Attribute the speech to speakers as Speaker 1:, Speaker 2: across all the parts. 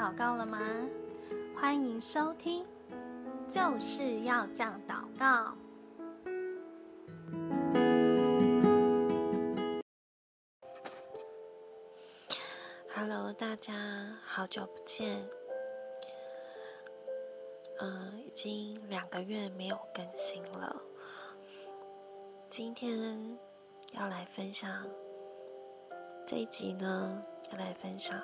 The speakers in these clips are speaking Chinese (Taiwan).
Speaker 1: 禱告了嗎？歡迎收聽，就是要這樣禱告。Hello，大家好久不見。嗯，已經兩個月沒有更新了。今天要來分享這一集呢，要來分享。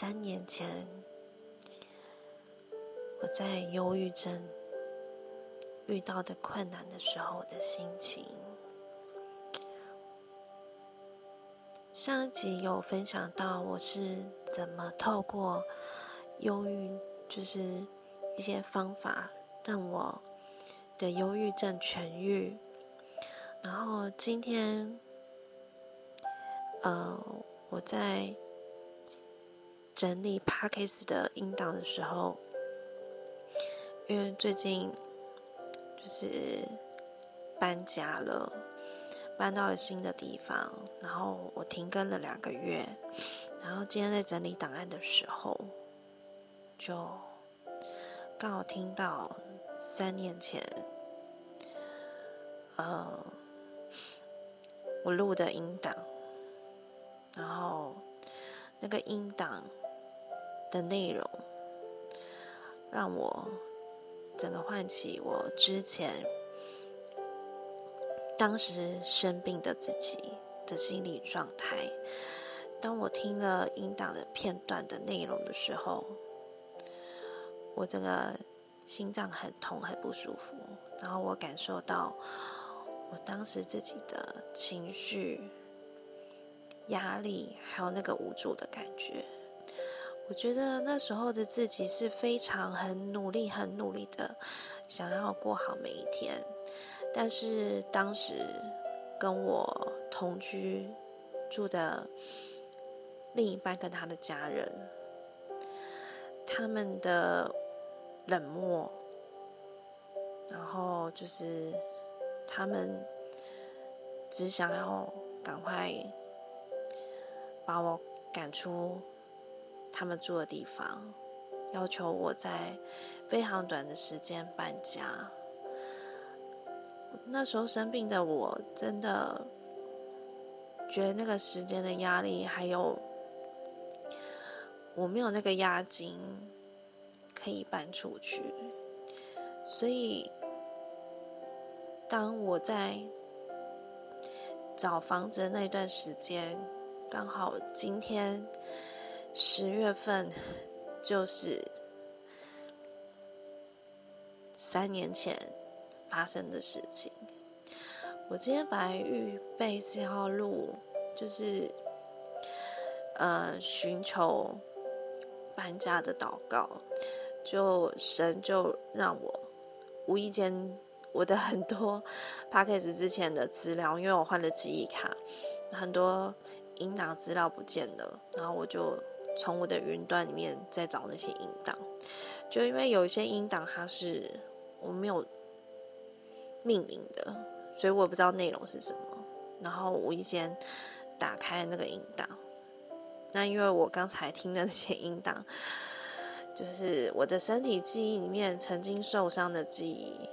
Speaker 1: 三年前，我在憂鬱症遇到的困難的時候的心情。上一集有分享到我是怎麼透過憂鬱，就是一些方法讓我的憂鬱症痊癒。然後今天，呃，我在。整理 Podcast 的音檔的時候，因為最近就是搬家了，搬到了新的地方，然後我停更了兩個月，然後今天在整理檔案的時候，就剛好聽到三年前，呃，我錄的音檔，然後那個音檔。的內容，讓我整個喚起我之前當時生病的自己的心理狀態。當我聽了音檔的片段的內容的時候，我整個心臟很痛、很不舒服，然後我感受到我當時自己的情緒、壓力，還有那個無助的感覺。我覺得那時候的自己是非常很努力、很努力的，想要過好每一天。但是當時跟我同居住的另一半跟他的家人，他們的冷漠，然後就是他們只想要趕快把我趕出。他們住的地方，要求我在非常短的時間搬家。那時候生病的我，真的覺得那個時間的壓力，還有我沒有那個押金可以搬出去，所以當我在找房子的那段時間，剛好今天。十月份就是三年前發生的事情。我今天本來預備是要錄，就是呃尋求搬家的禱告，就神就讓我無意間我的很多 Podcast 之前的資料，因為我換了記憶卡，很多音檔資料不見了，然後我就。從我的雲端裡面再找那些音檔，就因為有一些音檔它是我沒有命名的，所以我也不知道內容是什麼。然後無意間打開那個音檔，那因為我剛才聽的那些音檔，就是我的身體記憶裡面曾經受傷的記憶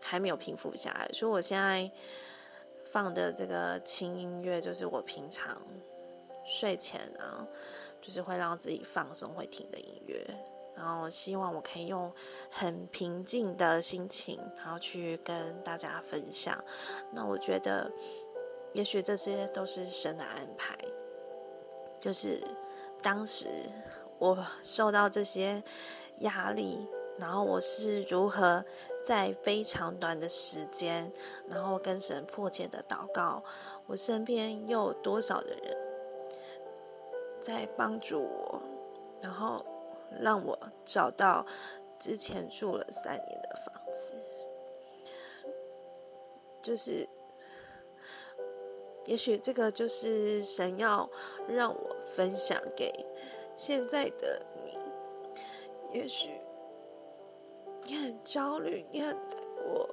Speaker 1: 還沒有平復下來，所以我現在放的這個輕音樂就是我平常睡前啊。就是會讓自己放鬆，會聽的音樂，然後希望我可以用很平靜的心情，然後去跟大家分享。那我覺得，也許這些都是神的安排。就是當時我受到這些壓力，然後我是如何在非常短的時間，然後跟神迫切的禱告，我身邊又有多少的人。在幫助我，然後讓我找到之前住了三年的房子，就是，也許這個就是神要讓我分享給現在的你。也許你很焦慮，你很難過，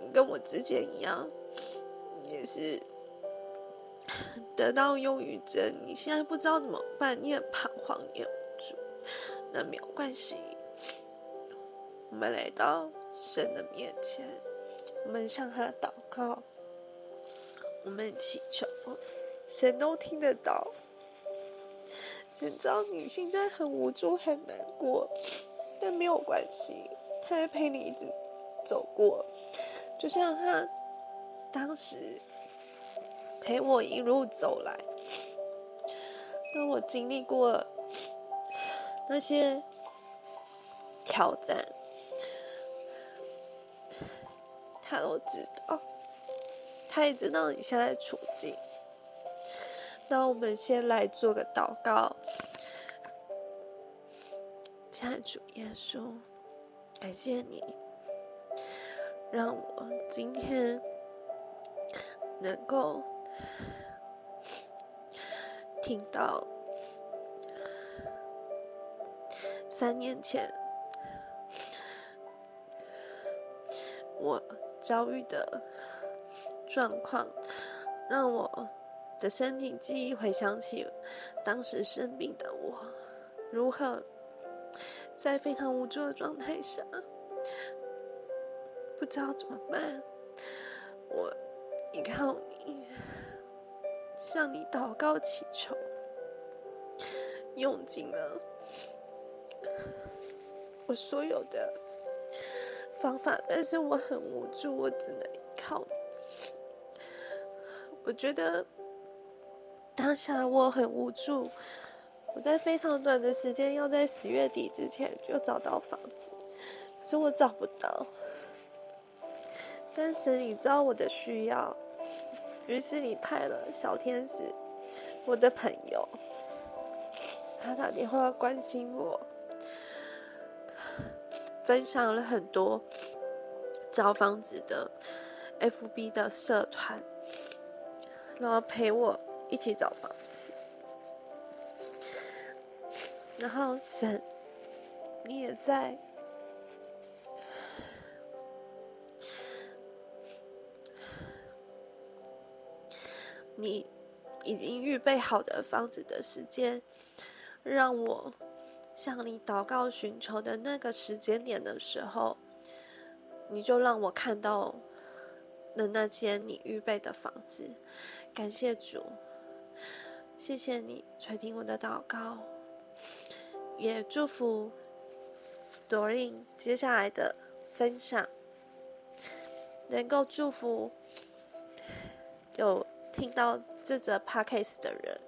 Speaker 1: 你跟我之前一樣，也是。得到憂鬱症，你現在不知道怎麼辦，你很彷徨，你很無助，那沒有關係。我們來到神的面前，我們向他禱告，我們祈求，神都聽得到。神知道你現在很無助、很難過，但沒有關係，他在陪你一直走過，就像他當時。陪我一路走來，那我經歷過了那些挑戰，他都知道，他也知道你現在處境。那我們先來做個禱告，親愛的主耶穌，感謝你讓我今天能夠。聽到三年前我遭遇的狀況，讓我的身體記憶回想起當時生病的我，如何在非常無助的狀態下，不知道怎麼辦，我依靠你，向你禱告祈求，用盡了、啊、我所有的方法，但是我很無助，我只能依靠你。我覺得當下我很無助，我在非常短的時間要在十月底之前就找到房子，可是我找不到。但是你知道我的需要。於是你派了小天使，我的朋友，他打電話關心我，分享了很多找房子的 FB 的社團，然後陪我一起找房子，然後神，你也在。你已經預備好的房子的時間，讓我向你禱告尋求的那個時間點的時候，你就讓我看到了那間你預備的房子。感謝主，謝謝你垂聽我的禱告，也祝福 Doreen 接下來的分享，能夠祝福有。聽到這則 podcast 的人，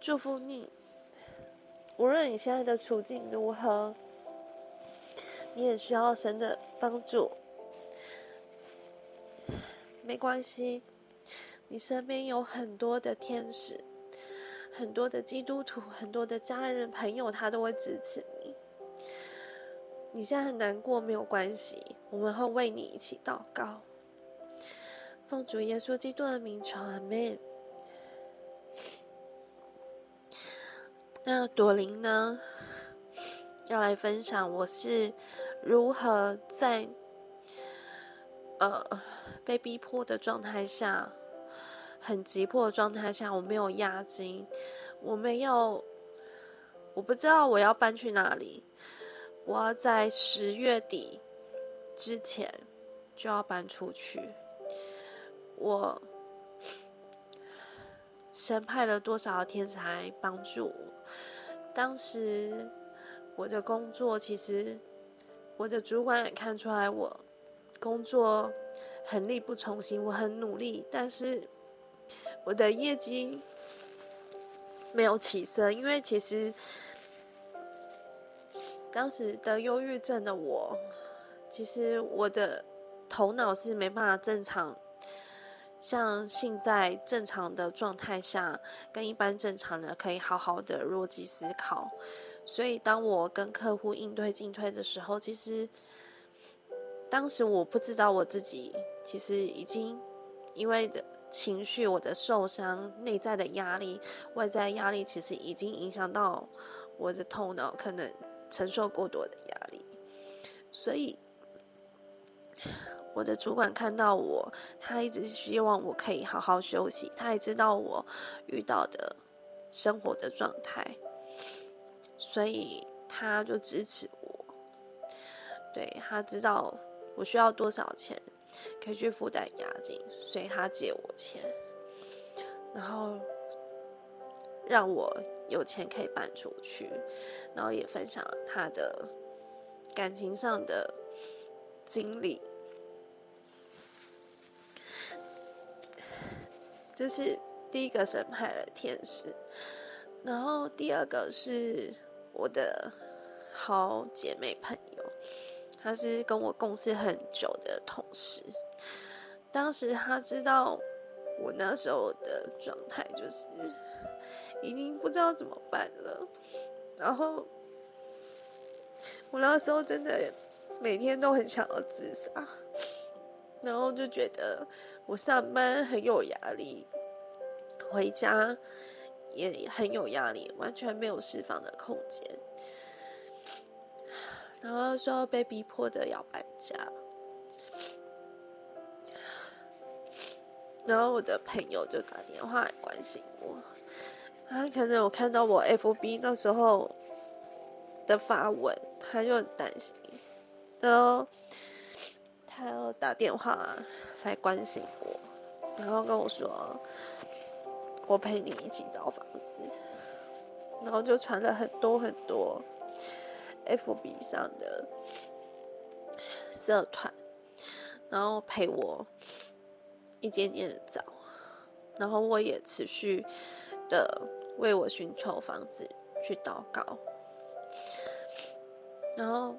Speaker 1: 祝福你。無論你現在的處境如何，你也需要神的幫助。沒關係，你身邊有很多的天使，很多的基督徒，很多的家人朋友，他都會支持你。你現在很難過，沒有關係，我們會為你一起禱告。奉主耶穌基督的名，傳阿們。那朵琳呢？要來分享我是如何在呃被逼迫的狀態下，很急迫的狀態下，我沒有押金，我沒有，我不知道我要搬去哪裡，我要在十月底之前就要搬出去。我神派了多少天才幫助我？當時我的工作其實，我的主管也看出來我工作很力不從心。我很努力，但是我的業績沒有起色。因為其實當時得憂鬱症的我，其實我的頭腦是沒辦法正常。像現在正常的狀態下，跟一般正常人可以好好的邏輯思考。所以，當我跟客戶應對進退的時候，其實當時我不知道我自己其實已經因為的情緒，我的受傷、內在的壓力、外在壓力，其實已經影響到我的頭腦，可能承受過多的壓力。所以。我的主管看到我，他一直希望我可以好好休息。他也知道我遇到的生活的狀態，所以他就支持我。對，他知道我需要多少錢，可以去負擔押金，所以他借我錢，然後讓我有錢可以搬出去，然後也分享了他的感情上的經歷。這是第一個神派的天使，然後第二個是我的好姐妹朋友，她是跟我共事很久的同事。當時她知道我那時候的狀態，就是已經不知道怎麼辦了，然後我那時候真的每天都很想要自殺，然後就覺得。我上班很有壓力，回家也很有壓力，完全沒有釋放的空間。然後說被逼迫的要搬家，然後我的朋友就打電話來關心我。他可能有看到我 FB 那時候的發文，他就很擔心，然後他又打電話啊。才關心我，然後跟我說：“我陪你一起找房子。”然後就傳了很多很多，FB 上的社團，然後陪我一間間的找，然後我也持續的為我尋求房子去禱告，然後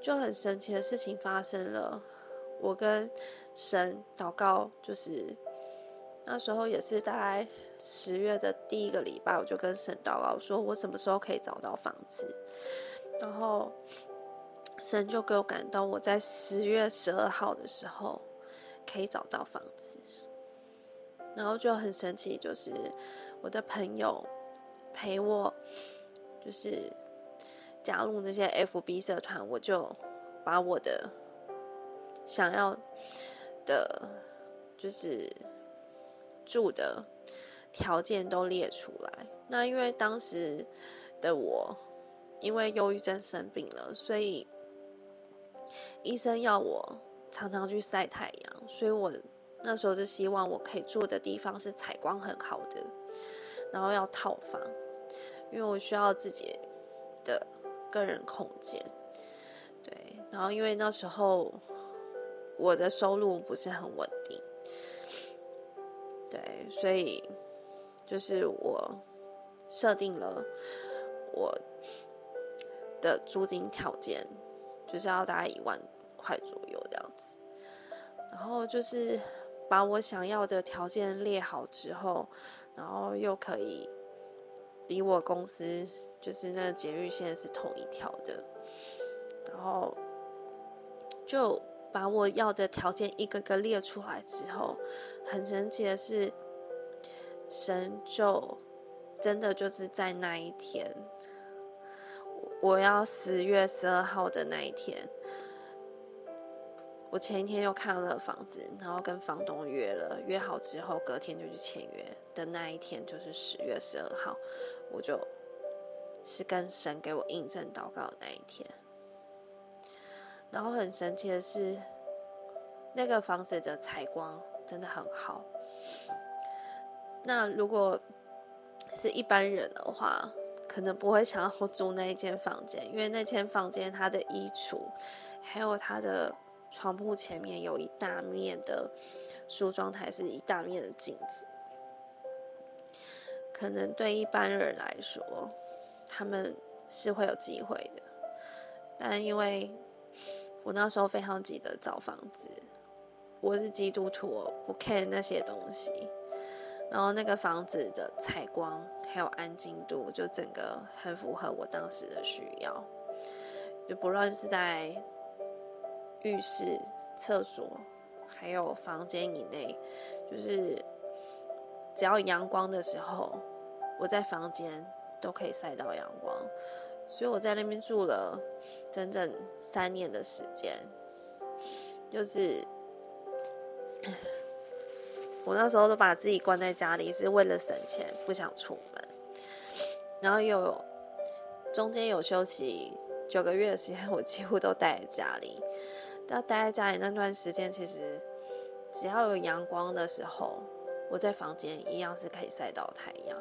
Speaker 1: 就很神奇的事情發生了。我跟神禱告，就是那時候也是大概十月的第一個禮拜，我就跟神禱告，說我什麼時候可以找到房子。然後神就給我感動，我在十月十二號的時候可以找到房子。然後就很神奇，就是我的朋友陪我，就是加入那些 FB 社團，我就把我的。想要的，就是住的條件都列出來。那因為當時的我，因為憂鬱症生病了，所以醫生要我常常去曬太陽，所以我那時候就希望我可以住的地方是採光很好的，然後要套房，因為我需要自己的個人空間。對，然後因為那時候。我的收入不是很穩定，對，所以就是我設定了我的租金條件，就是要大概一萬塊左右這樣子。然後就是把我想要的條件列好之後，然後又可以離我公司就是那個捷運線是同一條的，然後就。把我要的條件一個個列出來之後，很神奇的是，神就真的就是在那一天，我要十月十二號的那一天。我前一天又看了房子，然後跟房東約了，約好之後隔天就去簽約的那一天，就是十月十二號，我就是跟神給我印證禱告的那一天。然後很神奇的是，那個房子的採光真的很好。那如果是一般人的話，可能不會想要租那一間房間，因為那間房間它的衣櫥，還有它的床鋪前面有一大面的梳妝台是一大面的鏡子，可能對一般人來說，他們是會有機會的，但因為。我那時候非常急著找房子，我是基督徒，我不看那些東西。然後那個房子的採光還有安靜度，就整個很符合我當時的需要。就不論是在浴室、廁所，還有房間以內，就是只要陽光的時候，我在房間都可以曬到陽光。所以我在那邊住了。整整三年的時間，就是我那時候都把自己關在家裡，是為了省錢，不想出門。然後又有中間有休息九個月的時間，我幾乎都待在家裡。但待在家裡那段時間，其實只要有陽光的時候，我在房間一樣是可以曬到太陽。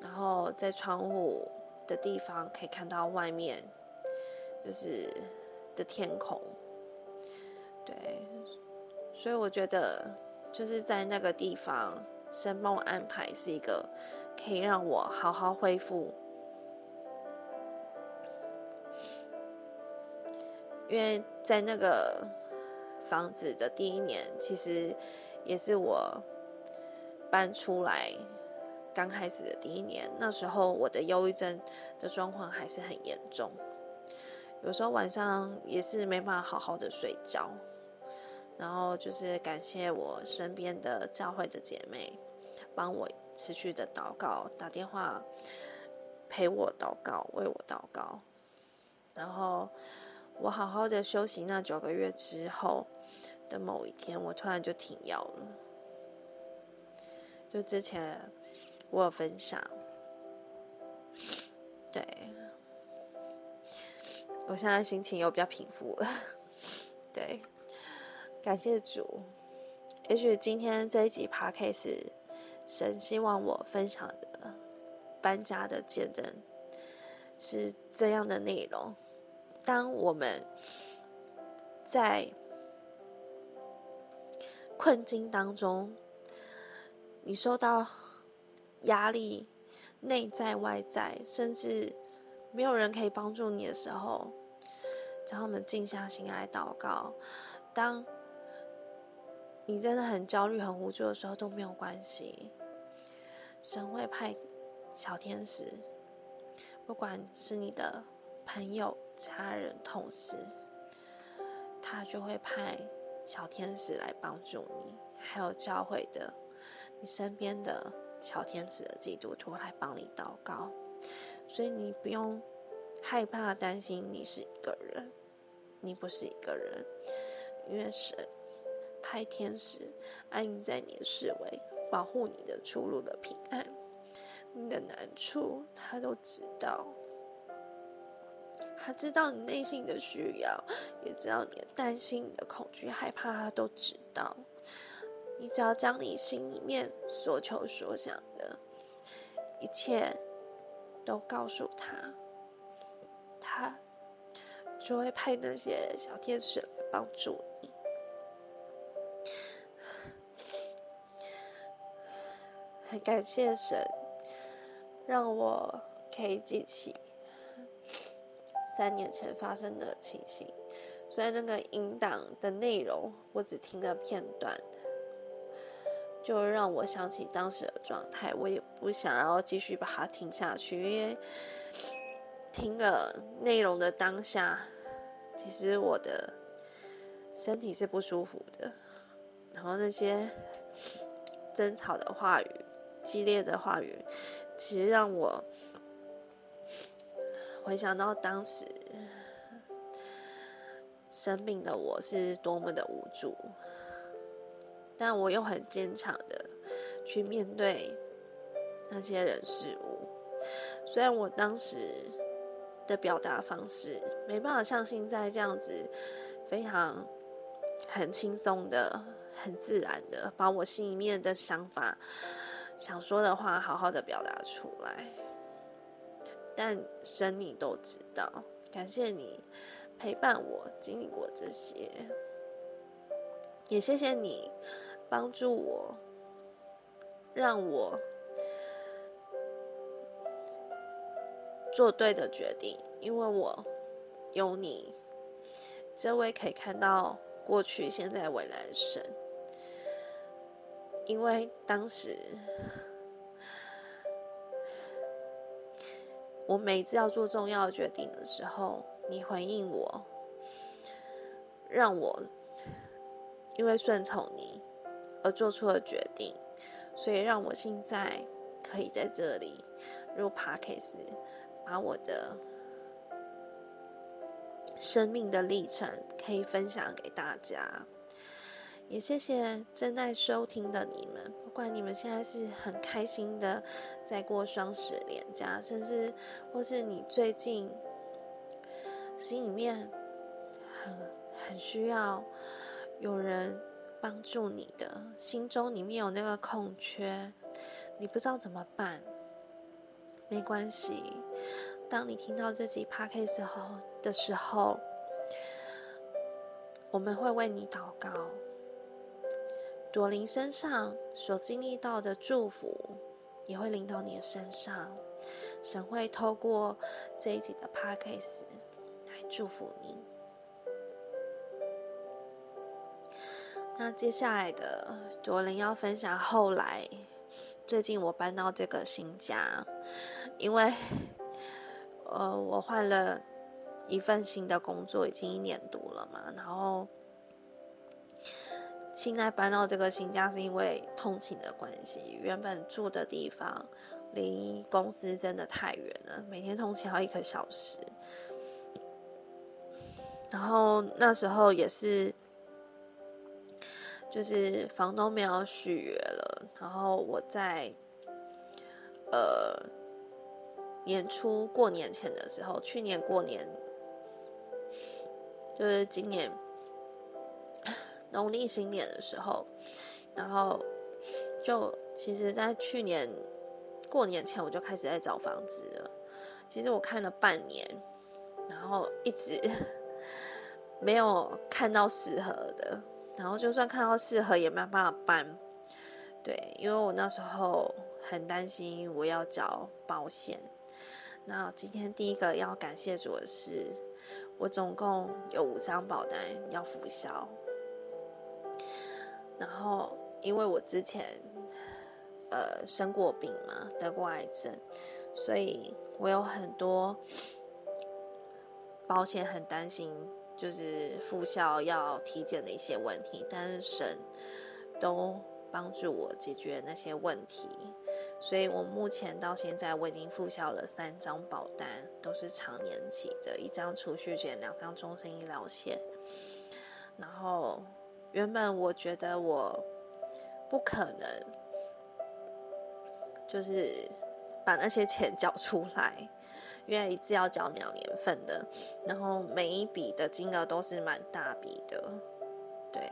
Speaker 1: 然後在窗戶。的地方可以看到外面，就是的天空。對，所以我覺得就是在那個地方，生命安排是一個可以讓我好好恢復，因為在那個房子的第一年，其實也是我搬出來。剛開始的第一年，那時候我的憂鬱症的狀況還是很嚴重，有時候晚上也是沒辦法好好的睡覺，然後就是感謝我身邊的教會的姐妹，幫我持續的禱告，打電話陪我禱告，為我禱告，然後我好好的休息那九個月之後的某一天，我突然就停藥了，就之前。我有分享，對，我現在心情又比較平復了，對，感謝主。也許今天這一集 Podcast 是神希望我分享的搬家的見證，是這樣的內容。當我們在困境當中，你收到，壓力、內在外在，甚至沒有人可以幫助你的時候，只要我們靜下心來禱告，當你真的很焦慮、很無助的時候，都沒有關係。神會派小天使，不管是你的朋友、家人、同事，他就會派小天使來幫助你，還有教會的、你身邊的。小天使的基督徒來幫你禱告，所以你不用害怕、擔心。你是一個人，你不是一個人。因為神派天使安營在你的四圍，保護你的出路的平安。你的難處他都知道，他知道你內心的需要，也知道你的擔心、你的恐懼、害怕，他都知道。你只要將你心裡面所求所想的一切，都告訴他，他就會派那些小天使來幫助你。很感謝神，讓我可以記起三年前發生的情形。雖然那個音檔的內容我只聽了片段。就讓我想起當時的狀態，我也不想要繼續把它聽下去，因為聽了內容的當下，其實我的身體是不舒服的。然後那些爭吵的話語、激烈的話語，其實讓我回想到當時生病的我是多麼的無助。但我又很堅強的去面對那些人事物，雖然我當時的表達方式沒辦法像現在這樣子，非常很輕鬆的、很自然的把我心裡面的想法、想說的話好好的表達出來，但神你都知道，感謝你陪伴我經歷過這些，也謝謝你。幫助我，讓我做對的決定，因為我有你這位可以看到過去、現在、未來的神。因為當時我每次要做重要的決定的時候，你回應我，讓我因為順從你。而做出了決定，所以讓我現在可以在這裡入 podcast，把我的生命的歷程可以分享給大家。也謝謝正在收聽的你們，不管你們現在是很開心的在過雙十連假，甚至或是你最近心裡面很很需要有人，幫助你的心中裡面有那個空缺，你不知道怎麼辦，沒關係。當你聽到這集 Podcast 的時候，我們會為你禱告。朵琳身上所經歷到的祝福，也會臨到你的身上。神會透過這一集的 Podcast 來祝福你。那接下來的朵琳要分享，後來最近我搬到這個新家，因為呃我換了一份新的工作，已經一年多了嘛，然後現在搬到這個新家是因為通勤的關係，原本住的地方離公司真的太遠了，每天通勤要一個小時，然後那時候也是。就是房東沒有續約了，然後我在呃年初過年前的時候，去年過年就是今年農曆新年的時候，然後就其實，在去年過年前我就開始在找房子了。其實我看了半年，然後一直 沒有看到適合的。然後就算看到適合也沒辦法辦，對，因為我那時候很擔心我要找保險。那今天第一個要感謝主的是，我總共有五張保單要復銷。然後因為我之前呃生過病嘛，得過癌症，所以我有很多保險很擔心。就是復效要體檢的一些問題，但是神都幫助我解決那些問題，所以我目前到現在我已經復效了三張保單，都是長年期的，一張儲蓄險，兩張終身醫療險。然後原本我覺得我不可能，就是把那些錢交出來。因為一次要交兩年份的，然後每一筆的金額都是蠻大筆的，對，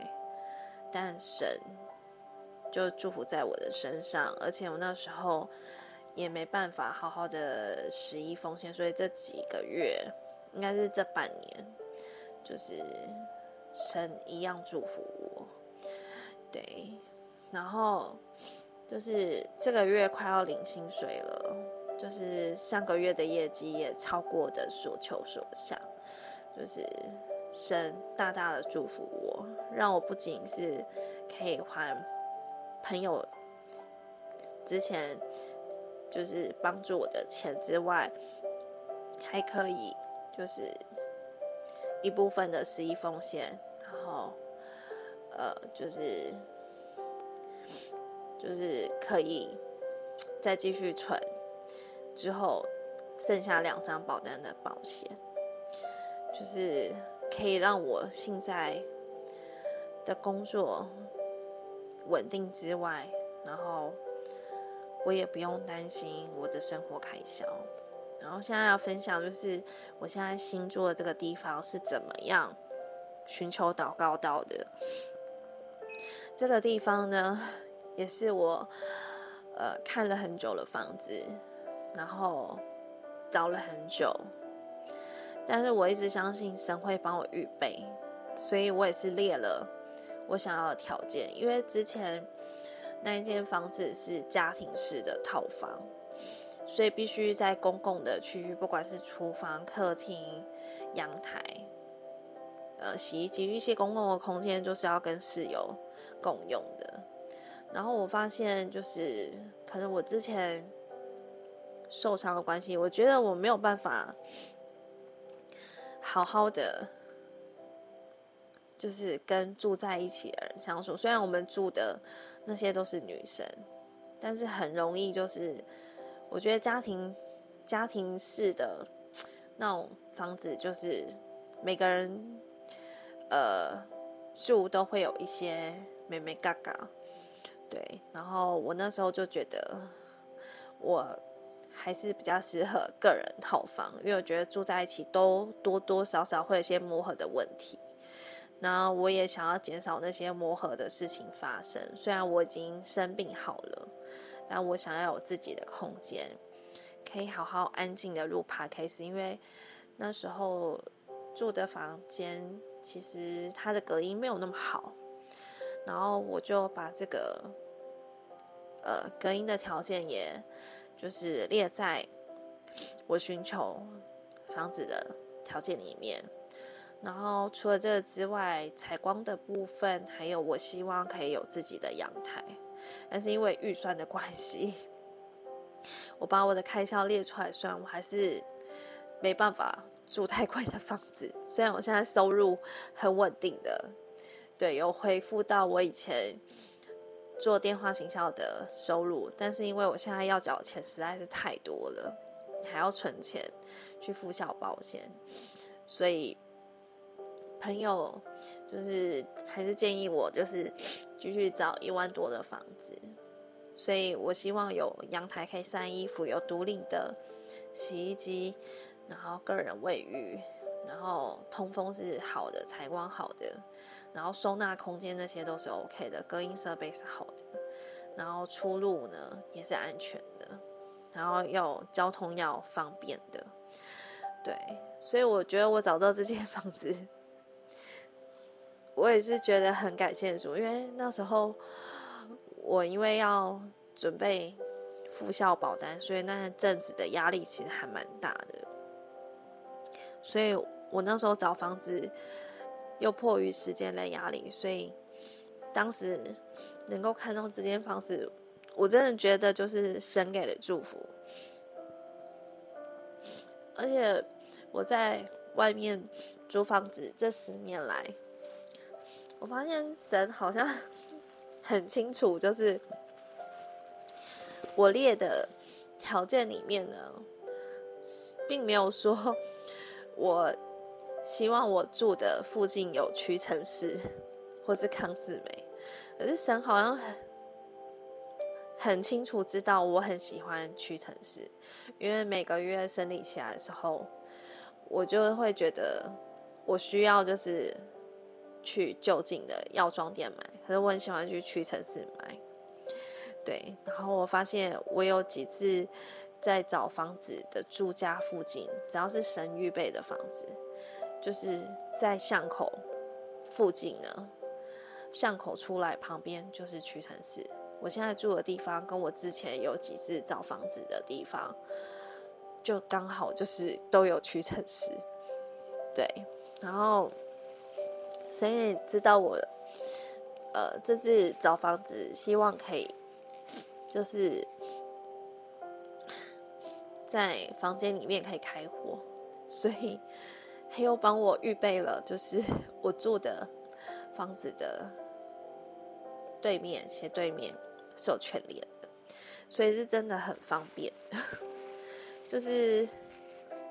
Speaker 1: 但神就祝福在我的身上，而且我那時候也沒辦法好好的十一奉獻，所以這幾個月應該是這半年，就是神一樣祝福我，對，然後就是這個月快要領薪水了。就是上個月的業績也超過的所求所想，就是神大大的祝福我，讓我不僅是可以還朋友之前就是幫助我的錢之外，還可以就是一部分的十一奉獻，然後呃就是就是可以再繼續存。之後，剩下兩張保單的保險，就是可以讓我現在的工作穩定之外，然後我也不用擔心我的生活開銷。然後現在要分享，就是我現在新住的這個地方是怎麼樣尋求禱告到的。這個地方呢，也是我呃看了很久的房子。然後找了很久，但是我一直相信神會幫我預備，所以我也是列了我想要的條件。因為之前那一間房子是家庭式的套房，所以必須在公共的區域，不管是廚房、客廳、陽台，呃，洗衣機一些公共的空間，就是要跟室友共用的。然後我發現，就是可能我之前。受傷的關係，我覺得我沒有辦法好好的，就是跟住在一起的人相處。雖然我們住的那些都是女生，但是很容易就是，我覺得家庭家庭式的那種房子，就是每個人呃住都會有一些眉眉角角。對，然後我那時候就覺得我。還是比較適合個人套房，因為我覺得住在一起都多多少少會有些磨合的問題。然後我也想要減少那些磨合的事情發生。雖然我已經生病好了，但我想要有自己的空間，可以好好安靜的錄 podcast，因為那時候住的房間其實它的隔音沒有那麼好，然後我就把這個呃隔音的條件也。就是列在我尋求房子的條件裡面，然後除了這個之外，採光的部分，還有我希望可以有自己的陽台，但是因為預算的關係，我把我的開銷列出來，雖然我還是沒辦法住太貴的房子，雖然我現在收入很穩定的，對，有恢復到我以前。做電話行銷的收入，但是因為我現在要繳的錢實在是太多了，還要存錢去付小保險，所以朋友就是還是建議我就是繼續找一萬多的房子，所以我希望有陽台可以曬衣服，有獨立的洗衣機，然後個人衛浴，然後通風是好的，採光好的。然後收納空間那些都是 OK 的，隔音設備是好的，然後出入呢也是安全的，然後要交通要方便的，對，所以我覺得我找到這間房子，我也是覺得很感謝，因為那時候我因為要準備復效保單，所以那陣子的壓力其實還蠻大的，所以我那時候找房子。又迫於時間的壓力，所以當時能夠看中這間房子，我真的覺得就是神給的祝福。而且我在外面租房子這十年來，我發現神好像很清楚，就是我列的條件裡面呢，並沒有說我。希望我住的附近有屈臣氏或是康是美，可是神好像很很清楚知道我很喜歡屈臣氏，因為每個月生理期來的時候，我就會覺得我需要就是去就近的藥妝店買，可是我很喜歡去屈臣氏買。對，然後我發現我有幾次在找房子的住家附近，只要是神預備的房子。就是在巷口附近呢，巷口出來旁邊就是屈臣氏。我現在住的地方跟我之前有幾次找房子的地方，就剛好就是都有屈臣氏。對，然後誰也知道我，呃，這次找房子希望可以，就是在房間裡面可以開火，所以。他又幫我預備了，就是我住的房子的對面，斜對面是有全聯的，所以是真的很方便。就是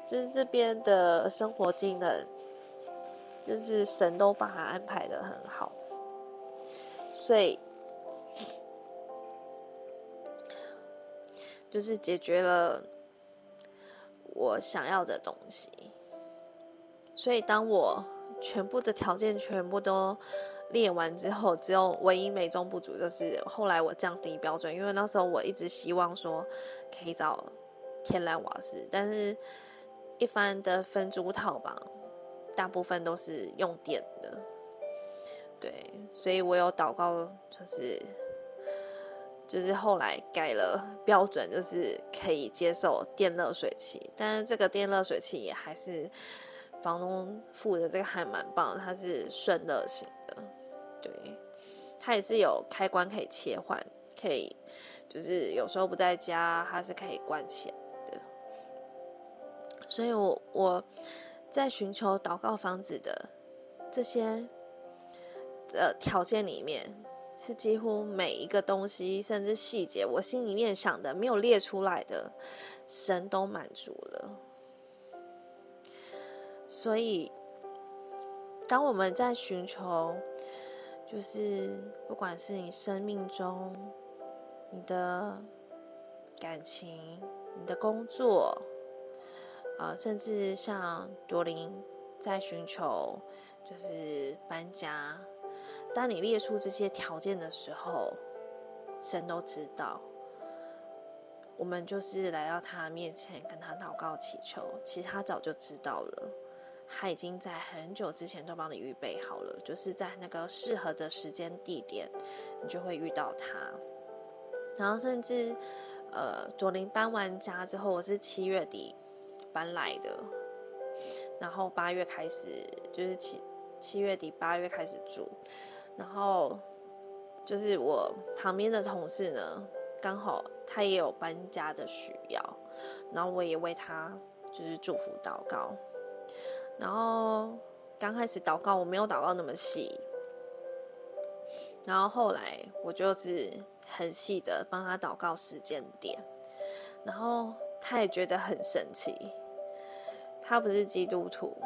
Speaker 1: 就是這邊的生活機能，就是神都把它安排的很好，所以就是解決了我想要的東西。所以，當我全部的條件全部都列完之後，只有唯一美中不足就是，後來我降低標準，因為那時候我一直希望說可以找天然瓦斯，但是一般的分租套房，大部分都是用電的，對，所以我有禱告，就是就是後來改了標準，就是可以接受電熱水器，但是這個電熱水器也還是。房東付的這個還蠻棒，它是瞬熱型的，對，它也是有開關可以切換，可以就是有時候不在家，它是可以關起來的。所以我我在尋求禱告房子的這些呃條件裡面，是幾乎每一個東西，甚至細節，我心裡面想的沒有列出來的，神都滿足了。所以，當我們在尋求，就是不管是你生命中、你的感情、你的工作，啊、呃，甚至像朵琳在尋求，就是搬家，當你列出這些條件的時候，神都知道。我們就是來到他面前，跟他禱告祈求，其實他早就知道了。他已經在很久之前都幫你預備好了，就是在那個適合的時間地點，你就會遇到他。然後甚至，呃，朵琳搬完家之後，我是七月底搬來的，然後八月開始，就是七七月底八月開始住。然後就是我旁邊的同事呢，剛好他也有搬家的需要，然後我也為他就是祝福禱告。然後剛開始禱告，我沒有禱告那麼細。然後後來我就是很細的幫他禱告時間點，然後他也覺得很神奇。他不是基督徒，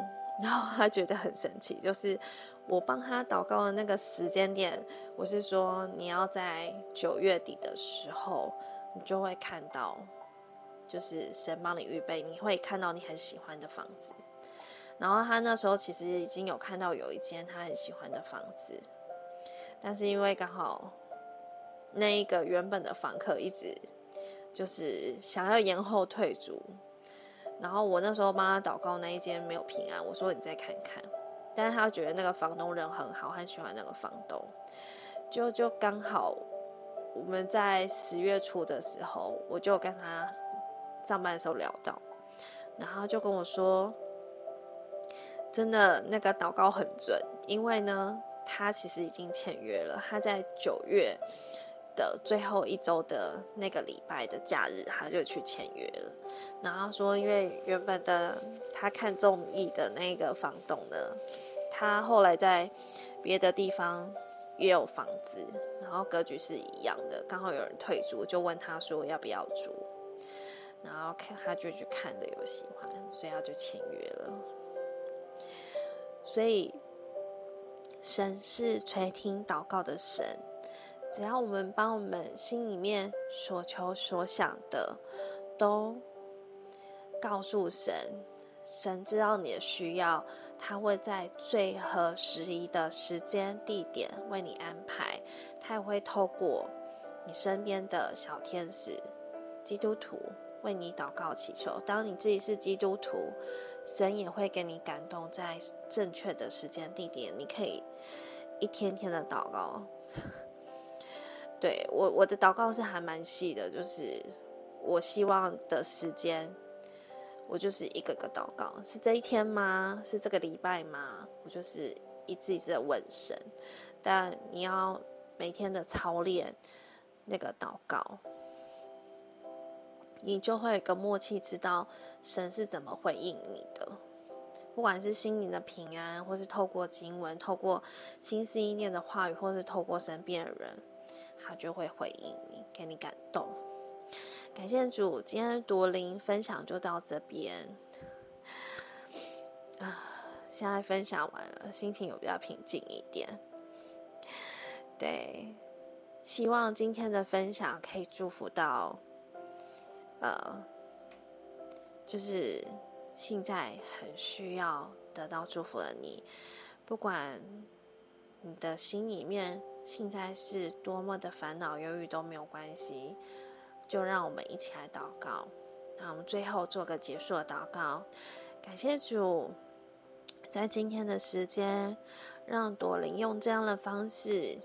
Speaker 1: 然後他覺得很神奇，就是我幫他禱告的那個時間點，我是說你要在九月底的時候，你就會看到，就是神幫你預備，你會看到你很喜歡的房子。然後他那時候其實已經有看到有一間他很喜歡的房子，但是因為剛好那一個原本的房客一直就是想要延後退租，然後我那時候幫他禱告那一間沒有平安，我說你再看看，但是他覺得那個房東人很好，很喜歡那個房東，就就剛好我們在十月初的時候，我就跟他上班的時候聊到，然後就跟我說。真的那個禱告很準，因為呢，他其實已經簽約了。他在九月的最後一週的那個禮拜的假日，他就去簽約了。然後說，因為原本的他看中意的那個房東呢，他後來在別的地方也有房子，然後格局是一樣的，剛好有人退租，就問他說要不要租。然後看他就去看的有喜歡，所以他就簽約了。所以，神是垂聽禱告的神。只要我們把我們心裡面所求所想的，都告訴神，神知道你的需要，他會在最合時宜的時間地點為你安排。他也會透過你身邊的小天使、基督徒，為你禱告祈求，當你自己是基督徒，神也會給你感動，在正確的時間地點，你可以一天天的禱告。 對，我，我的禱告是還蠻細的，就是我希望的時間，我就是一個個禱告，是這一天嗎？是這個禮拜嗎？我就是一字一字的問神。但你要每天的操練那個禱告。你就會有個默契，知道神是怎麼回應你的。不管是心靈的平安，或是透過經文，透過心思意念的話語，或是透過身邊的人，他就會回應你，給你感動。感謝主，今天朵琳分享就到這邊、呃。啊，現在分享完了，心情有比較平靜一點。對，希望今天的分享可以祝福到。呃，就是現在很需要得到祝福的你，不管你的心裡面現在是多麼的煩惱、憂鬱都沒有關係，就讓我們一起來禱告，那我們最後做個結束的禱告。感謝主，在今天的時間，讓朵琳用這樣的方式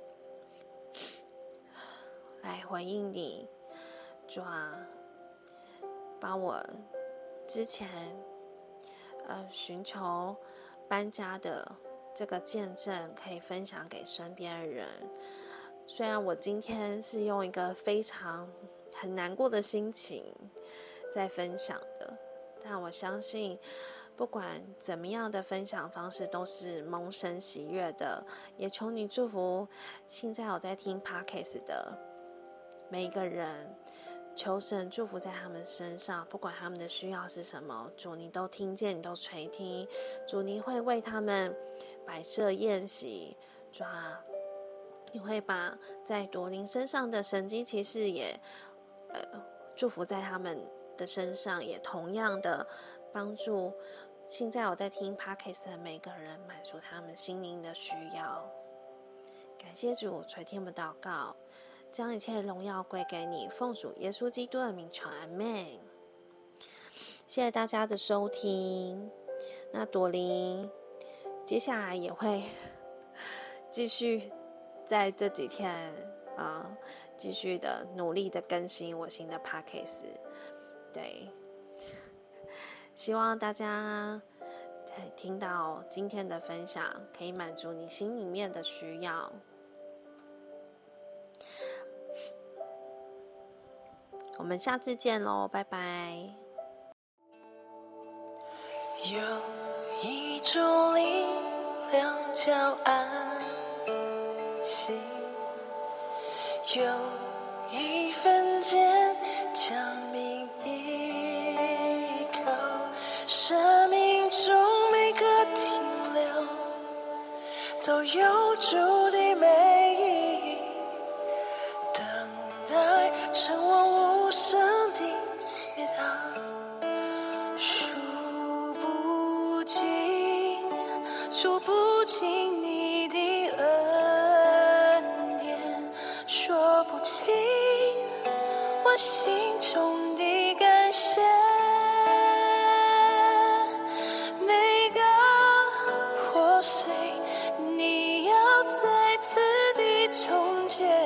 Speaker 1: 來回應你，主啊。把我之前呃尋求搬家的這個見證，可以分享給身邊的人。雖然我今天是用一個非常很難過的心情在分享的，但我相信不管怎麼樣的分享方式，都是蒙神喜悅的。也求你祝福現在我在聽 Podcast 的每一個人。求神祝福在他們身上，不管他們的需要是什麼，主你都聽見，你都垂聽，主你會為他們擺設宴席，抓，你會把在朵琳身上的神蹟奇事也，呃，祝福在他們的身上，也同樣的幫助。現在我在聽 Podcast 的每個人，滿足他們心靈的需要。感謝主垂聽我們的禱告。將一切榮耀歸給你，奉主耶穌基督的名傳命。謝謝大家的收聽。那朵琳接下來也會繼續在這幾天啊，繼續的努力的更新我新的 Podcast 對，希望大家在聽到今天的分享，可以滿足你心裡面的需要。我們下次見嘍，拜拜。有一種力量叫安
Speaker 2: 心，有一份堅強名依靠。生命中每個停留都有注定，美意等待成我。祈禱，數不盡，數不盡你的恩典，說不清我心中的感謝。每個破碎，你要再次的重建。